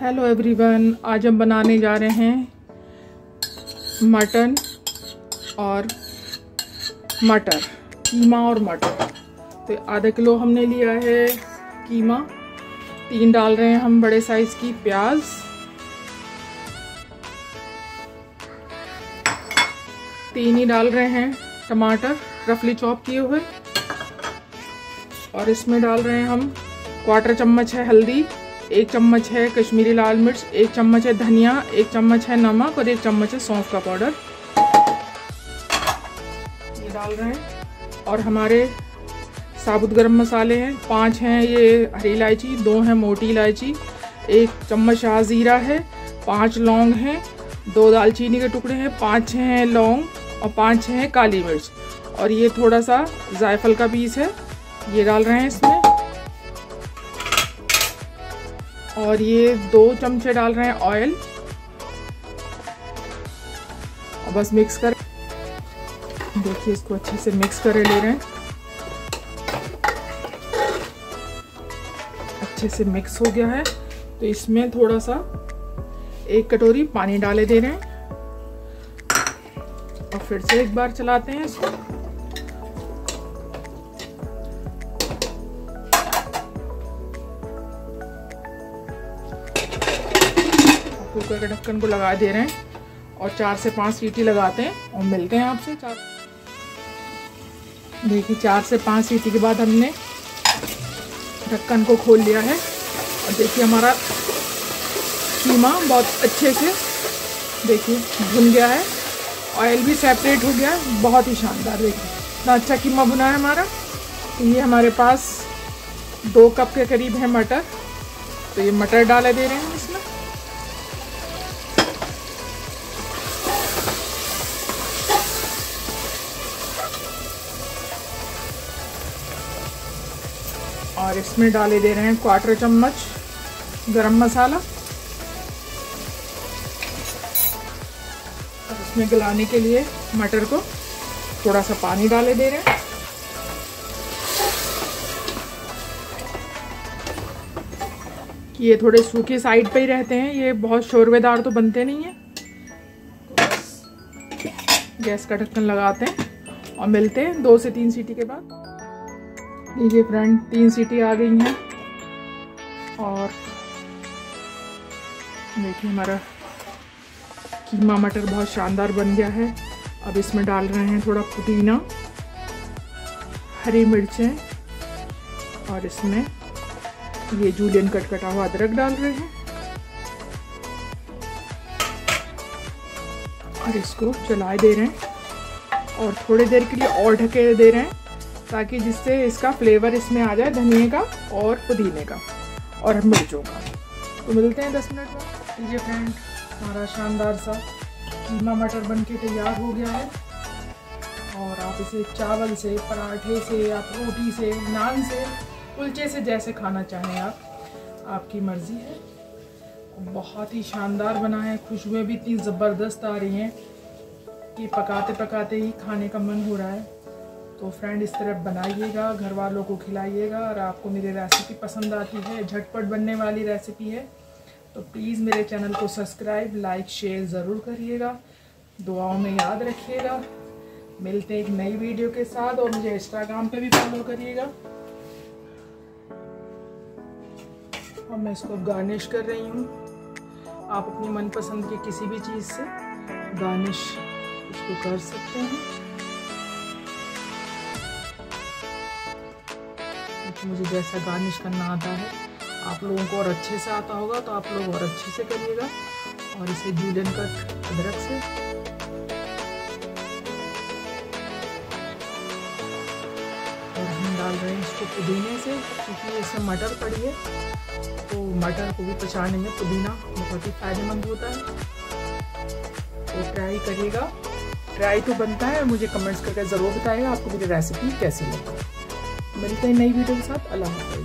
hello everyone आज हम बनाने जा रहे हैं मटन और मटर कीमा और मटर तो आधा किलो हमने लिया है कीमा तीन डाल रहे हैं हम बड़े साइज़ की प्याज तीन ही डाल रहे हैं टमाटर रफली चॉप किए हुए और इसमें डाल रहे हैं हम क्वार्टर चम्मच है हल्दी एक चम्मच है कश्मीरी लाल मिर्च एक चम्मच है धनिया एक चम्मच है नमक और एक चम्मच है सौंफ का पाउडर ये डाल रहे हैं और हमारे साबुत गरम मसाले हैं पांच हैं ये हरी इलायची दो हैं मोटी इलायची एक चम्मच शाह ज़ीरा है पांच लौंग हैं दो दालचीनी के टुकड़े हैं पाँच छः हैं लौंग और पाँच छः हैं काली मिर्च और ये थोड़ा सा जायफल का पीस है ये डाल रहे हैं इसमें और ये दो चमचे डाल रहे हैं ऑयल और बस मिक्स कर देखिए इसको अच्छे से मिक्स करे ले रहे हैं अच्छे से मिक्स हो गया है तो इसमें थोड़ा सा एक कटोरी पानी डाले दे रहे हैं और फिर से एक बार चलाते हैं इसको कुकर के ढक्कन को लगा दे रहे हैं और चार से पाँच सीटी लगाते हैं और मिलते हैं आपसे चार देखिए चार से पाँच सीटी के बाद हमने ढक्कन को खोल लिया है और देखिए हमारा कीमा बहुत अच्छे से देखिए भुन गया है ऑयल भी सेपरेट हो गया है बहुत ही शानदार देखिए इतना अच्छा कीमा भुना है हमारा तो ये हमारे पास दो कप के करीब है मटर तो ये मटर डाले दे रहे हैं इसमें और इसमें डाले दे रहे हैं क्वार्टर चम्मच गरम मसाला और इसमें गलाने के लिए मटर को थोड़ा सा पानी डाले दे रहे हैं ये थोड़े सूखे साइड पे ही रहते हैं ये बहुत शोरबेदार तो बनते नहीं हैं गैस का ढक्कन लगाते हैं और मिलते हैं दो से तीन सीटी के बाद ये फ्रेंड तीन सीटी आ गई हैं और देखिए हमारा कीमा मटर बहुत शानदार बन गया है अब इसमें डाल रहे हैं थोड़ा पुदीना हरी मिर्चें और इसमें ये जूलियन कट कटा हुआ अदरक डाल रहे हैं और इसको चलाए दे रहे हैं और थोड़ी देर के लिए और ढके दे रहे हैं ताकि जिससे इसका फ्लेवर इसमें आ जाए धनिए का और पुदीने का और मिर्चों का तो मिलते हैं दस मिनट में लीजिए फ्रेंड हमारा शानदार सा कीमा मटर बन के तैयार हो गया है और आप इसे चावल से पराठे से आप तो रोटी से नान से कुलचे से जैसे खाना चाहें आप आपकी मर्ज़ी है बहुत ही शानदार बना है खुशबुएँ भी इतनी ज़बरदस्त आ रही हैं कि पकाते पकाते ही खाने का मन हो रहा है तो फ्रेंड इस तरह बनाइएगा घर वालों को खिलाइएगा और आपको मेरी रेसिपी पसंद आती है झटपट बनने वाली रेसिपी है तो प्लीज़ मेरे चैनल को सब्सक्राइब लाइक शेयर ज़रूर करिएगा दुआओं में याद रखिएगा मिलते हैं एक नई वीडियो के साथ और मुझे इंस्टाग्राम पे भी फॉलो करिएगा और मैं इसको गार्निश कर रही हूँ आप अपनी मनपसंद की किसी भी चीज़ से गार्निश इसको कर सकते हैं कि मुझे जैसा गार्निश करना आता है आप लोगों को और अच्छे से आता होगा तो आप लोग और अच्छे से करिएगा और इसे जूलन कट अदरक से और हम डाल रहे हैं इसको पुदीने से क्योंकि इसमें मटर पड़ी है तो मटर को भी पचाने में पुदीना बहुत ही फायदेमंद होता है तो ट्राई करिएगा ट्राई तो बनता है और मुझे कमेंट्स करके ज़रूर बताएगा आपको मेरी रेसिपी कैसी है मिलते हैं नई वीडियो के साथ अल्लाह हाफिज़